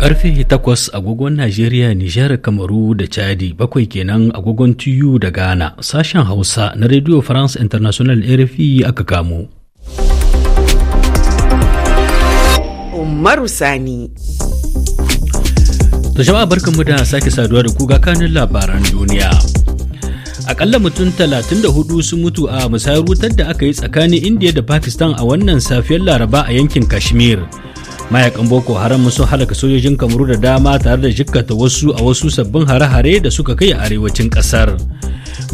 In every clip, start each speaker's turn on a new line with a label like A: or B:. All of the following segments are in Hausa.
A: Karfe takwas agogon Najeriya, Nijar, Kamaru da Chadi, bakwai kenan agogon TU da Ghana, sashen Hausa na Radio France International RFI aka kamo.
B: Umaru Sani.
A: To jama'a barkanmu da sake saduwa da ku ga kanin labaran duniya. akalla mutum 34 sun mutu a musayar wutar da aka yi tsakanin india da pakistan a wannan safiyar laraba a yankin kashmir mayakan boko haram sun halaka sojojin kamaru da dama tare da jikkata wasu a wasu sabbin hare-hare da suka kai a arewacin kasar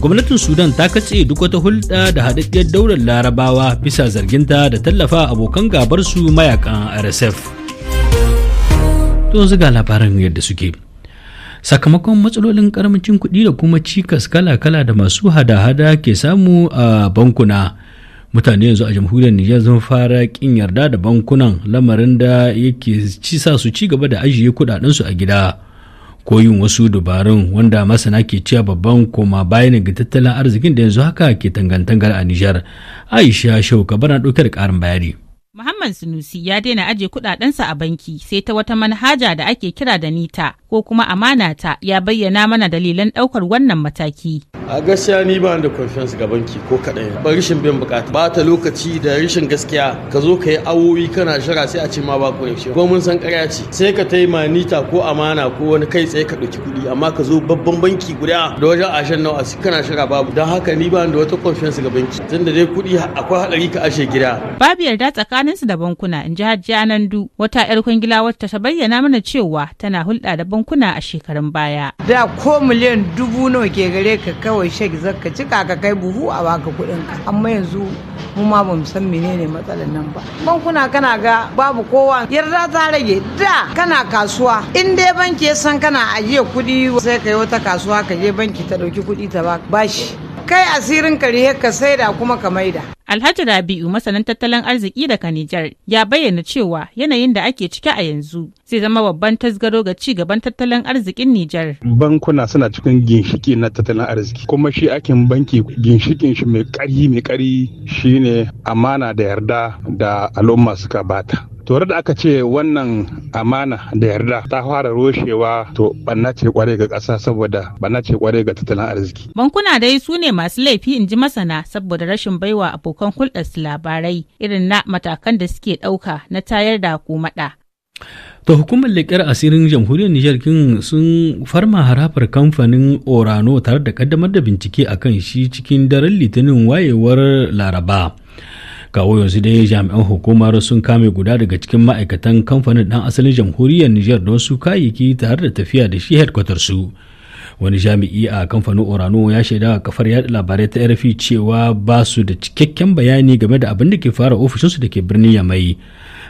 A: gwamnatin sudan ta katse duk wata hulɗa da haɗaɗɗiyar daular larabawa bisa zarginta da tallafa abokan gabar su mayakan rsf suke sakamakon matsalolin karamcin kuɗi da kuma cikas kala-kala da masu hada-hada ke samu a bankuna mutane yanzu a jamhuriyar nijar sun fara kin yarda da bankunan lamarin da yake ci sa su ci gaba da ajiye kudadensu a gida ko yin wasu dabarun wanda masana ke cewa babban koma bayan ga tattalin arzikin da yanzu haka ke tangantangar a nijar aisha shauka bana na da karin bayani
C: Muhammad Sunusi ya daina kudaden kudadensa a banki sai ta wata manhaja da ake kira da Nita ko kuma amana ta ya bayyana mana dalilan ɗaukar wannan mataki. A gaskiya
A: ni ba da confidence ga banki ko kaɗai ba rishin bin bukata ba ta lokaci da rashin gaskiya ka zo ka yi awowi kana shara sai a ce ma ba connection ko mun san ƙarya ce sai ka ta manita ko amana ko wani kai tsaye ka ɗauki kuɗi amma ka zo babban banki guda da wajen ashen nawa su kana shara babu don haka ni ba da wata confidence ga banki tunda dai kuɗi akwai haɗari ka ashe gida.
C: Babu yarda tsakaninsu da bankuna in ji Hajiya Nandu wata 'yar kwangila wacce ta bayyana mana cewa tana hulɗa da bankuna a shekarun baya. Da ko miliyan dubu nawa ke gare ka kawai shek zaka cika ka kai buhu a baka kuɗin ka amma yanzu mu ma ba san menene matsalar nan ba. Bankuna kana ga babu kowa yarda ta rage da kana kasuwa in dai banki ya san kana ajiye kuɗi sai ka yi wata kasuwa ka je banki ta ɗauki kuɗi ta bashi. Kai asirin kare ka saida kuma ka maida. Alhaji Rabi'u masanin tattalin arziki daga Nijar ya bayyana cewa yanayin da ake ciki a yanzu zai zama babban tasgaro ga ci gaban tattalin arzikin Nijar.
A: Bankuna suna cikin ginshiki na tattalin arziki kuma shi akin banki ginshikin shi mai kari mai kari shine amana da yarda da al'umma suka bata. to da aka ce wannan amana da yarda ta fara roshewa to banna ce kware ga ƙasa saboda banna ce kware ga tattalin arziki
C: bankuna dai su ne masu laifi in ji masana saboda rashin baiwa abokan hulɗarsu labarai irin na matakan da suke ɗauka na tayar da komaɗa
A: To hukumar leƙar asirin jamhuriyar Nijar kin sun farma harafar kamfanin Orano tare da kaddamar da bincike a kan shi cikin daren litinin wayewar Laraba. kawo yanzu dai jami'an hukumar sun kame guda daga cikin ma'aikatan kamfanin dan asalin jamhuriyar nijar don su kayayyaki tare da tafiya da shi headquarter su wani jami'i a kamfanin orano ya shaida a kafar yada labarai ta rfi cewa ba su da cikakken bayani game da abin da ke fara ofishinsu da ke birnin yamai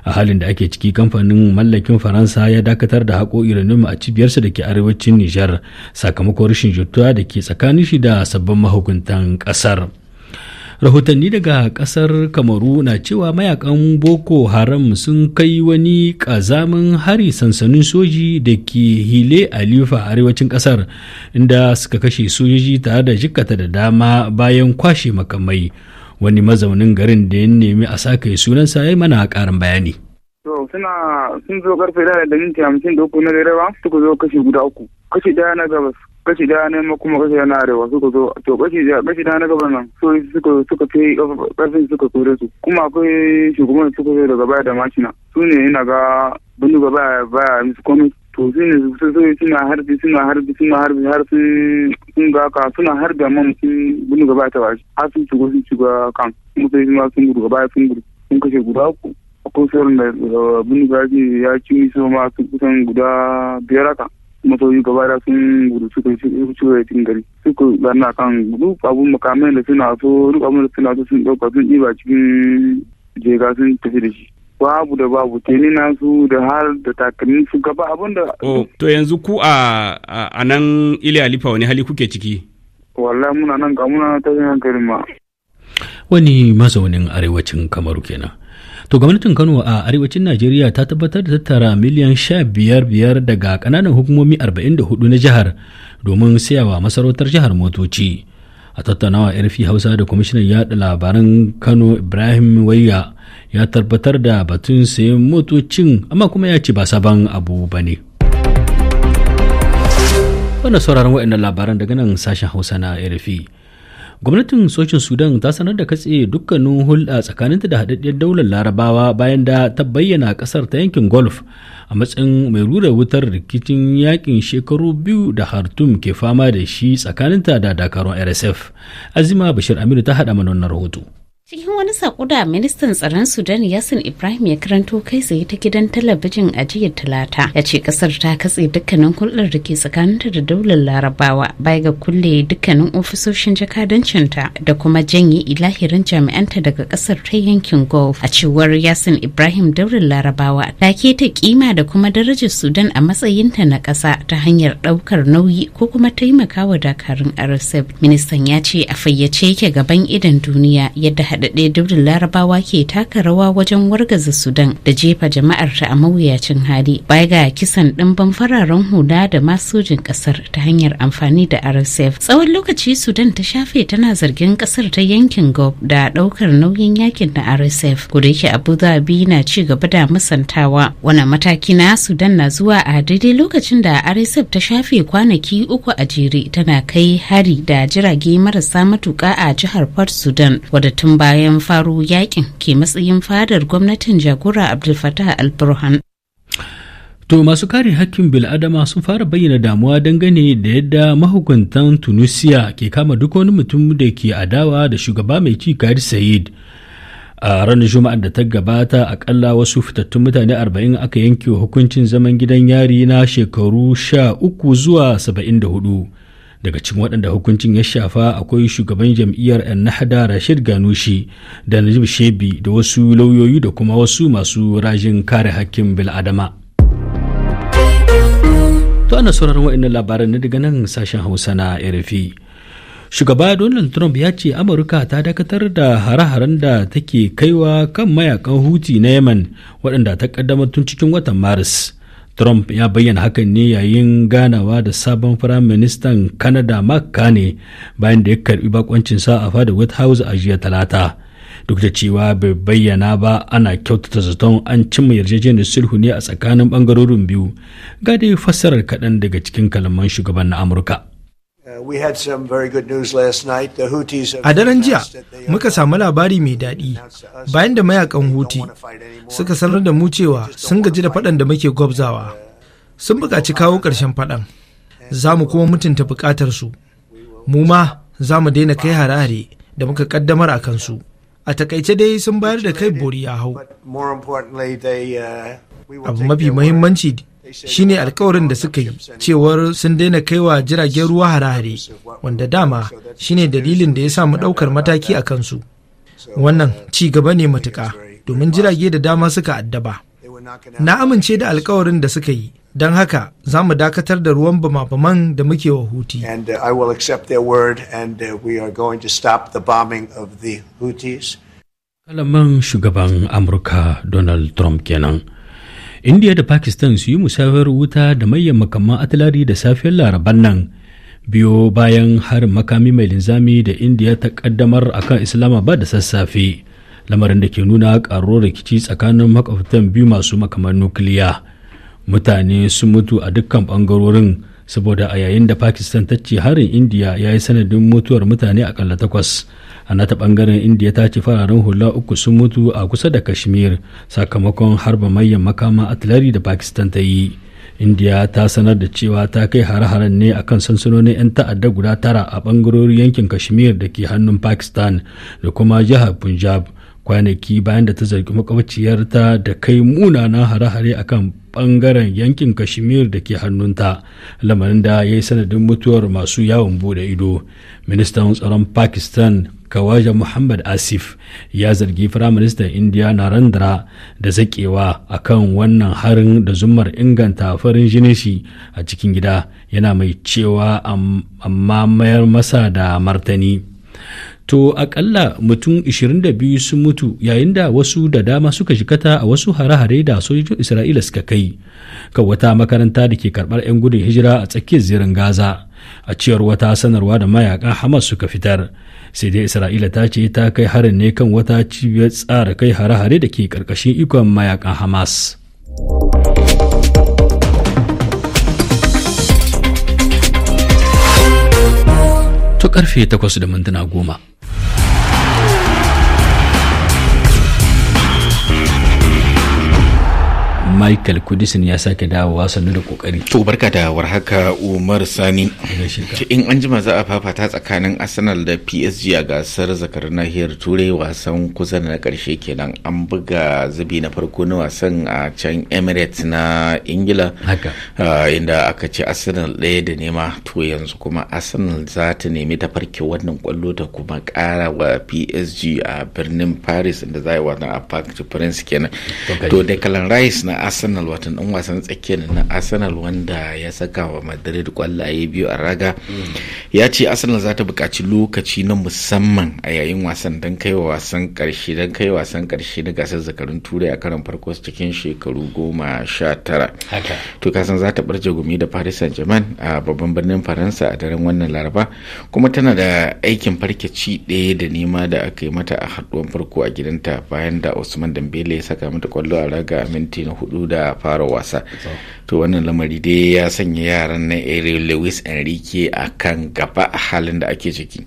A: a halin da ake ciki kamfanin mallakin faransa ya dakatar da haƙo uranium a cibiyarsa da ke arewacin nijar sakamakon rashin jituwa da ke tsakanin shi da sabbin mahukuntan ƙasar. rahotanni daga kasar kamaru na cewa mayakan boko haram sun kai wani kazamin hari sansanin soji da ke hile alifa arewacin kasar inda suka kashe sojoji tare da jikata da dama bayan kwashe makamai wani mazaunin garin da ya nemi a sake sunansa ya mana karin bayani
B: To suna sun zo karfe da da minti hamsin da uku na dare ba suka zo kashi guda uku. Kashi daya na gabas kashi daya na kuma kashi na arewa suka zo to kashi
C: daya kashi daya na gabas nan so suka suka ke karfin suka kore su kuma akwai shugaban suka zo daga baya da macina su ne yana ga bindu ga baya baya musu komai to su ne
B: su so suna harbi suna harbi suna harbi har sun ga ka suna harbi amma mutum bindu ga baya ta bashi har sun shigo sun shiga kan suna sun gudu ga baya sun gudu sun kashe
C: guda uku kofiyar da abin gaji ya ci so ma su kusan guda biyar haka masoyi gaba da sun gudu suka yi cewa yakin gari suka zanna kan duk
B: abun makamai da suna so duk abun da suna so sun ɗauka sun ɗiba cikin jega sun tafi da shi babu da babu teni su da har da takalmin su gaba abun da
A: to yanzu ku a a nan iliya lifa wani hali kuke ciki
B: wallahi muna nan ga muna ta yin hankali ma
A: wani mazaunin arewacin kamaru kenan to gwamnatin kano a arewacin najeriya ta tabbatar da tattara miliyan sha biyar biyar daga kananan hukumomi arba'in da hudu na jihar domin sayawa masarautar jihar motoci a tattaunawa yarfi hausa da kwamishinan yada labaran kano ibrahim wayya ya tabbatar da batun sayan motocin amma kuma ya ce ba sabon abu ba ne wannan sauraron waɗannan labaran daga nan sashen hausa na yarfi gwamnatin sojin sudan ta sanar da katse dukkanin hulɗa tsakaninta da haɗaɗɗiyar daular larabawa bayan da ta bayyana ƙasar ta yankin golf a matsayin mai rura wutar rikicin yakin shekaru biyu da hartum ke fama da shi tsakaninta da dakarun rsf azima bashir aminu ta haɗa mana wannan rahoto
D: Cikin wani saƙo da ministan tsaron Sudan Yasin Ibrahim ya karanto kai tsaye ta gidan talabijin a jiya Talata ya ce kasar ta katse dukkanin hulɗar da ke tsakaninta da daular Larabawa baya ga kulle dukkanin ofisoshin jakadancinta da kuma janye ilahirin jami'anta daga kasar ta yankin Gulf. A cewar Yasin Ibrahim daular Larabawa ta keta kima da kuma darajar Sudan a matsayinta na ƙasa ta hanyar ɗaukar nauyi ko kuma taimakawa dakarun RSF. Ministan ya ce a fayyace yake gaban idan duniya yadda haɗaɗɗe daular larabawa ke taka rawa wajen wargaza sudan da jefa jama'ar ta a mawuyacin hali baya ga kisan ɗimban fararen huda da masojin ƙasar ta hanyar amfani da rsf tsawon lokaci sudan ta shafe tana zargin ƙasar ta yankin gob da ɗaukar nauyin yakin na rsf kuda yake abu dhabi na ci gaba da musantawa Wani mataki na sudan na zuwa a daidai lokacin da rsf ta shafe kwanaki uku a jere tana kai hari da jirage marasa matuƙa a jihar port sudan wadda tun ba bayan faru yakin ke matsayin fadar gwamnatin jagora abdul fatah al-burhan To masu kare hakkin bil'adama
A: sun fara bayyana damuwa dangane da yadda mahukuntan Tunisia ke kama duk wani mutum da ke adawa da shugaba mai ci Kari Sayid. A ranar Juma'ar da ta gabata akalla wasu fitattun mutane 40 aka yanke hukuncin zaman gidan yari na shekaru 13 zuwa 74. daga cikin waɗanda hukuncin ya shafa akwai shugaban jam'iyyar nahda rashid ganushi da najib shebi da wasu lauyoyi da kuma wasu masu rajin kare hakkin bil'adama to ana sauraron waɗannan labaran na daga nan sashen hausa na rfi shugaba donald trump ya ce amurka ta dakatar da hare-haren da take kaiwa kan mayakan huti na yemen waɗanda ta ƙaddamar tun cikin watan maris Trump ya bayyana hakan ne yayin ganawa da sabon firaministan kanada Mark kane bayan da ya karbi bakoncinsa a fada White House a jiya talata. Duk da cewa bai bayyana ba ana kyautata zaton an cimma yarjejeniyar sulhu ne a tsakanin bangarorin biyu. Ga dai fassarar kaɗan daga cikin kalaman shugaban na Amurka.
E: Uh, a daren jiya
B: muka samu labari mai daɗi bayan da mayakan Huti suka sanar da mu cewa sun gaji da faɗan da muke gwabzawa. Uh, sun buƙaci kawo ƙarshen faɗan, za mu kuma mutunta su. Mu ma za mu daina kai harare hare da muka ƙaddamar a kansu. A takaice dai sun bayar da kai bori ya hau. Uh, Abu mafi muhimmanci shine alkawarin da suka yi cewar sun daina kaiwa jiragen ruwa hare-hare wanda dama shine dalilin da ya sa mu ɗaukar mataki a kansu wannan ci gaba ne matuka domin jirage da dama suka addaba na amince da alkawarin da suka yi don haka za mu dakatar da ruwan bama-baman da muke wa huti
E: uh, uh,
A: kalaman shugaban amurka donald trump kenan indiya da pakistan su yi musafir wuta da mayan makaman atilari da safiyar laraban nan biyo bayan harin makami mai linzami da indiya ta kaddamar akan islamabad da sassafe lamarin da ke nuna karuwar rikici tsakanin makwabtan biyu masu makaman nukiliya mutane sun mutu a dukkan bangarorin saboda a yayin da pakistan ta ce harin indiya ya yi sanadin mutuwar mutane akalla takwas a nata bangaren indiya ta ce fararen hula uku sun mutu a kusa da kashmir sakamakon harba manyan makama atilari da pakistan ta yi indiya ta sanar da cewa ta kai hare-haren ne akan sansanonin 'yan ta'adda guda tara a bangarori yankin kashmir da ke hannun pakistan da kuma jihar punjab kwanaki bayan da ta zargi makwabciyarta da kai munanan hare-hare akan ɓangaren yankin kashmir da ke hannunta lamarin da ya yi sanadin mutuwar masu yawon bude ido ministan tsaron pakistan kawaja muhammad asif ya zargi firaministan indiya narendra da zakewa a kan wannan harin da zumar inganta farin jini shi a cikin gida yana mai cewa amma mayar masa da martani to akalla mutum 22 sun mutu yayin da wasu da dama suka jikata a wasu hare-hare da sojojin isra'ila suka kai kan wata makaranta da ke karɓar 'yan gudun hijira a tsakiyar zirin gaza a cewar wata sanarwa da mayaka hamas suka fitar sai dai isra'ila ta ce ta kai harin ne kan wata cibiyar tsara kai hare-hare da ke ƙarƙashin ikon mayakan hamas to karfe 8 da mintuna goma michael kudisin ya sake dawo sannu da kokari
B: to barka da warhaka umar sani in an jima za a fafata tsakanin arsenal da psg a gasar zakarar nahiyar turai wasan kusa na karshe kenan an buga zubi na farko na wasan a can emirates na ingila inda aka ce arsenal ɗaya da nema to yanzu kuma arsenal za ta nemi ta farke wannan kwallo ta kuma kara wa psg a birnin paris inda za a yi wannan a park prince kenan to declan rice na arsenal watan dan wasan tsakiyar na arsenal wanda ya saka wa madrid kwallaye biyu a raga ya ce arsenal za ta buƙaci lokaci na musamman a yayin wasan don kai wasan karshe don kai wasan karshe na gasar zakarun turai a karon farko cikin shekaru goma sha tara to kasan za ta barje gumi da paris saint germain a babban birnin faransa a daren wannan laraba kuma tana da aikin farke ci ɗaya da nema da aka yi mata a haɗuwan farko a gidanta bayan da usman dambele ya saka mata kwallo a raga a minti na hudu hudu da fara wasa to wannan lamari dai ya sanya yaran na ere lewis enrique a kan gaba a halin da ake ciki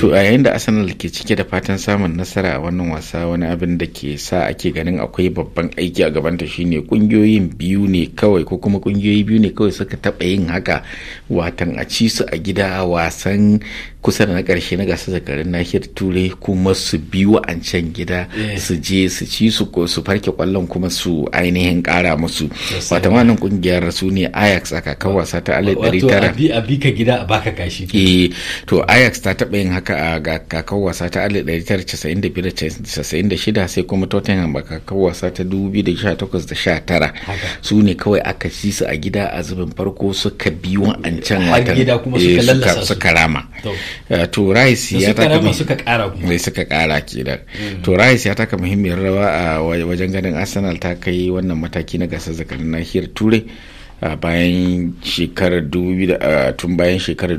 B: to a yayin da arsenal ke cike da fatan samun nasara a wannan wasa wani abin da ke sa ake ganin akwai babban aiki a gabanta shine kungiyoyin biyu ne kawai ko kuma kungiyoyi biyu ne kawai suka taɓa yin haka watan a ci su a gida wasan kusa da na karshe na gasar zakarin nahiyar turai kuma su bi can gida eh. su je su ci su ko su farke kwallon kuma su ainihin kara musu wata wannan kungiyar su ne ajax a kakan wasa ta alai dari tara
A: a bi ka gida a baka kashi eh
B: to ajax ta taba yin haka a ga kakan wasa ta alai dari tara casa'in da biyar da casa'in da shida sai kuma tottenham ba kakan wasa ta dubu biyu da sha takwas da sha tara su ne kawai aka ci su a gida a zubin farko suka bi wa'ancan watan eh, suka rama to eh, rice ya taka suka kara kuma eh, suka kara kenan mm. to rice ya taka muhimmiyar rawa a wajen ganin arsenal ta kai wannan mata mataki na gasar zakarin nahiyar turai a bayan shekarar tun bayan shekarar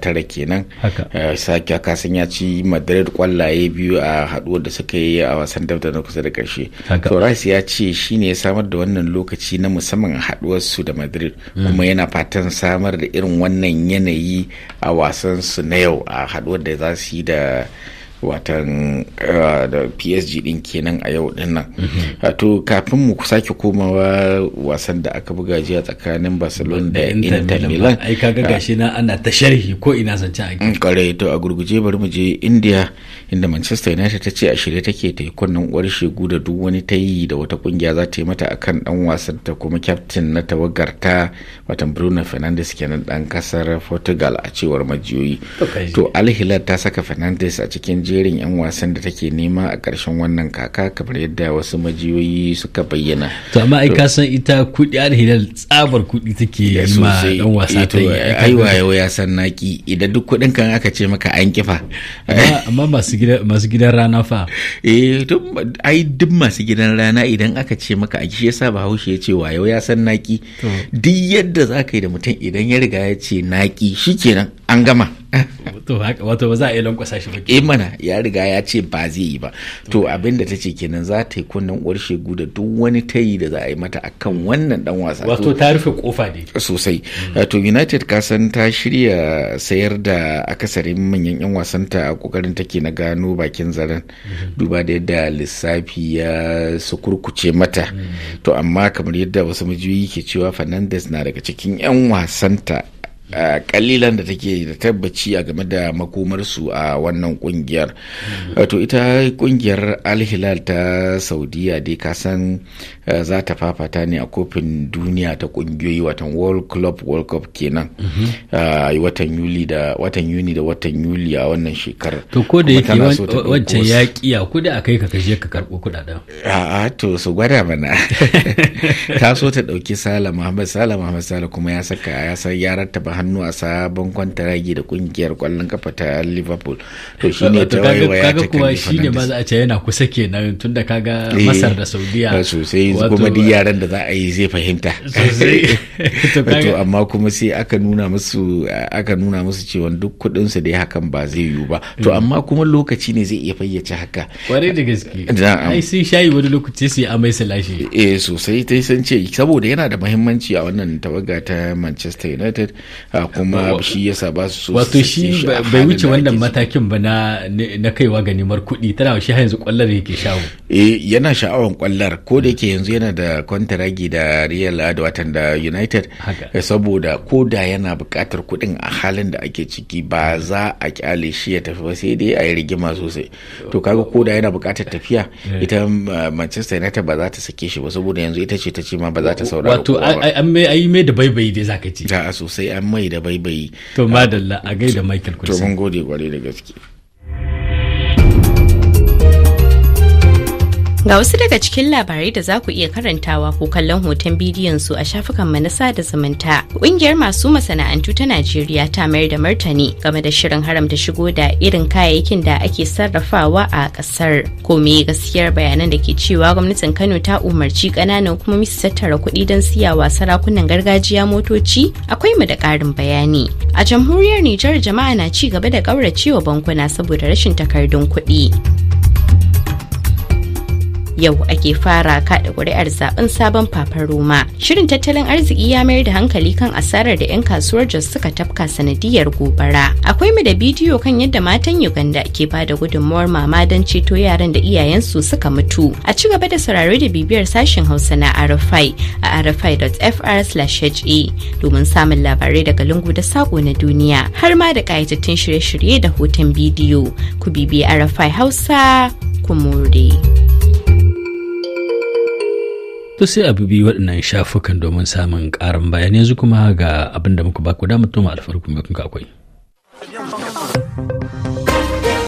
B: tara kenan sake haka sun ya ci madrid kwallaye biyu a haduwar da suka yi a wasan dabda na kusa da karshe to rice ya ce shi ne ya samar da wannan lokaci na musamman a haduwar su da madrid mm. kuma yana fatan samar da irin wannan yanayi a wasan su na yau a haduwar da za su yi da watan ah, da psg din kenan a yau din nan mhm. ah, to kafin mu sake komawa wasan da aka buga jiya tsakanin barcelona da inter milan ai kaga ah. gashi
A: na ana ta sharhi ko ina zance a
B: kare mm, to a gurguje bari mu je india inda manchester united ta ce a shirye take ta yi kunnan uwar shegu da duk wani ta yi da wata kungiya za ta yi mata akan dan wasan ta kuma captain na tawagar watan bruno fernandes kenan dan kasar portugal a cewar majiyoyi to alhilar ta saka fernandes a cikin jerin 'yan wasan da take nema a ƙarshen wannan kaka kamar yadda wasu majiyoyi suka bayyana to amma ai ka
A: san ita kuɗi al hilal tsabar kuɗi take yi ma dan wasa eh ta yi aiwa
B: yau ya san naki idan duk kudin kan aka ce maka an kifa amma masu gidan masu gidan rana fa eh to ai duk masu gidan rana idan aka ce maka a shi yasa bahaushe ya ce wa yau ya san naki duk yadda zaka yi da mutum idan ya riga ya ce naki shikenan an gama
A: to haka wato ba za a iya lankwasa shi ba eh
B: mana ya riga ya ce ba zai yi ba to abin da tace kenan za ta yi kunnen uwar shegu da duk wani tayi da za a yi mata akan wannan dan wasa wato ta rufe kofa ne sosai mm. to united ka san ta shirya sayar da akasarin manyan yan wasan ta kokarin take na gano bakin zaren mm-hmm. duba da yadda lissafi ya sukurkuce mata mm. to amma kamar yadda wasu majiyoyi ke cewa fernandes na daga cikin yan wasan ta. kalilan da take da tabbaci a game da makomarsu a wannan kungiyar to ita kungiyar alhilal ta saudiya dai kasan eh, za ta fafata ne a kofin duniya ta kungiyoyi watan world club world cup kenan mhm. watan yuli da watan yuni da watan yuli a wannan shekarar to ko da yake wancan ya
A: kiya ko da akai ka kaje ka karbo kudaden
B: a'a to su gwada mana ta so ta dauki sala muhammad sala muhammad sala kuma ya saka ya san yarar ta hannu a sabon ragi da kungiyar kwallon kafa ta liverpool to shi ne ta waiwaya ta kuma shi ne ma za
A: a ce yana kusa kenan tun da kaga eh, masar da saudiya sosai kuma duk
B: yaran da za a yi zai fahimta to amma kuma sai aka nuna musu aka nuna musu cewa duk kuɗin su dai hakan ba zai yiwu ba to mm. amma kuma lokaci ne zai iya fayyace haka
A: kwarai da gaske ai
B: sai shayi wani lokaci sai amai su eh sosai ta san ce saboda yana da muhimmanci a wannan tawaga ta manchester united kuma shi sa ba su so wato shi bai wuce wannan
A: matakin ba na na kaiwa ga neman kuɗi tana shi yanzu kwallar yake shawo
B: eh yana sha'awan kwallar ko da yake yanzu yana da kwantaragi da Real da watan da United eh, saboda ko da yana buƙatar kuɗin a halin da ake ciki ba za a kyale shi ya tafi ba sai dai a yi rigima sosai to kaga ko da yana buƙatar tafiya eh. ita Manchester United ba za ta sake shi ba saboda yanzu ita ce ta ce ma ba za ta saurara wato an mai da baibayi dai zaka ce da sosai an mai mai da baibayi to madalla a gaida michael kusa to mun gode kwarai da gaske
E: Ga wasu daga cikin labarai da za ku iya karantawa ko kallon hoton bidiyon su a shafukan manasa da zumunta. Ƙungiyar masu masana'antu ta Najeriya ta mayar da martani game da shirin haramta shigo da irin kayayyakin da ake sarrafawa a ƙasar. Ko me gaskiyar bayanan da ke cewa gwamnatin Kano ta umarci ƙananan kuma musu tattara kuɗi don siyawa sarakunan gargajiya motoci? Akwai mu da ƙarin bayani. A jamhuriyar Nijar jama'a na ci gaba da ƙauracewa bankuna saboda rashin takardun kuɗi. yau ake fara kaɗa ƙuri'ar zaben sabon Papa Roma. Shirin tattalin arziki ya mayar da hankali kan asarar da 'yan kasuwar Jos suka tafka sanadiyar gobara. Akwai mu da bidiyo kan yadda matan Uganda ke ba da gudunmawar mama don ceto yaran da iyayensu suka mutu. A ci gaba da sauraro da bibiyar sashen Hausa na RFI a rfi.fr/ha e domin samun labarai daga lungu da sako na duniya har ma da kayatattun shirye-shirye da hoton bidiyo. Ku bibi RFI Hausa ku more.
A: To sai a bibi waɗannan shafukan domin samun ƙarin bayani yanzu kuma ga
C: abin da muka baku da mutum alfarkun kuka akwai.